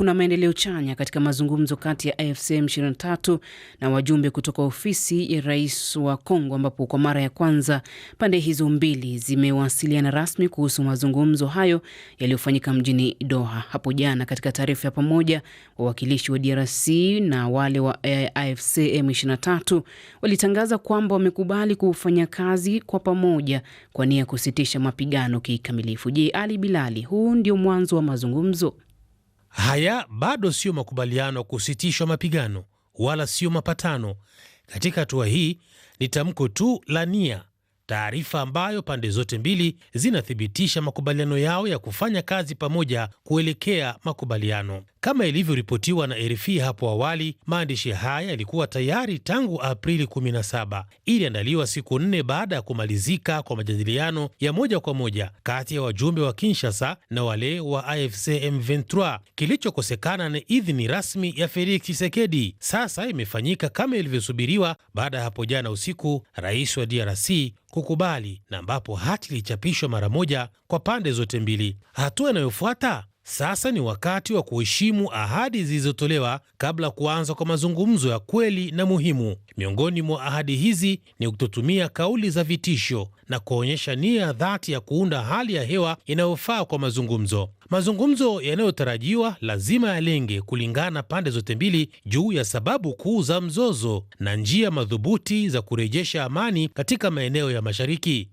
kuna maendeleo chanya katika mazungumzo kati ya AFC M23 na wajumbe kutoka ofisi ya rais wa congo ambapo kwa mara ya kwanza pande hizo mbili zimewasiliana rasmi kuhusu mazungumzo hayo yaliyofanyika mjini Doha hapo jana. Katika taarifa ya pamoja, wawakilishi wa DRC na wale wa AFC M23 walitangaza kwamba wamekubali kufanya kazi kwa pamoja kwa nia ya kusitisha mapigano kikamilifu. Je, Ali Bilali, huu ndio mwanzo wa mazungumzo? Haya bado siyo makubaliano ya kusitishwa mapigano wala siyo mapatano. Katika hatua hii ni tamko tu la nia, taarifa ambayo pande zote mbili zinathibitisha makubaliano yao ya kufanya kazi pamoja kuelekea makubaliano. Kama ilivyoripotiwa na RFI hapo awali, maandishi haya yalikuwa tayari tangu Aprili 17. Iliandaliwa siku nne baada ya kumalizika kwa majadiliano ya moja kwa moja kati ya wajumbe wa Kinshasa na wale wa AFC M23. Kilichokosekana na idhini rasmi ya Felix Tshisekedi sasa imefanyika kama ilivyosubiriwa baada ya hapo jana usiku rais wa DRC kukubali na ambapo hati ilichapishwa mara moja kwa pande zote mbili. Hatua inayofuata sasa ni wakati wa kuheshimu ahadi zilizotolewa kabla kuanza kwa mazungumzo ya kweli na muhimu. Miongoni mwa ahadi hizi ni kutotumia kauli za vitisho na kuonyesha nia ya dhati ya kuunda hali ya hewa inayofaa kwa mazungumzo. Mazungumzo yanayotarajiwa lazima yalenge kulingana pande zote mbili juu ya sababu kuu za mzozo na njia madhubuti za kurejesha amani katika maeneo ya mashariki.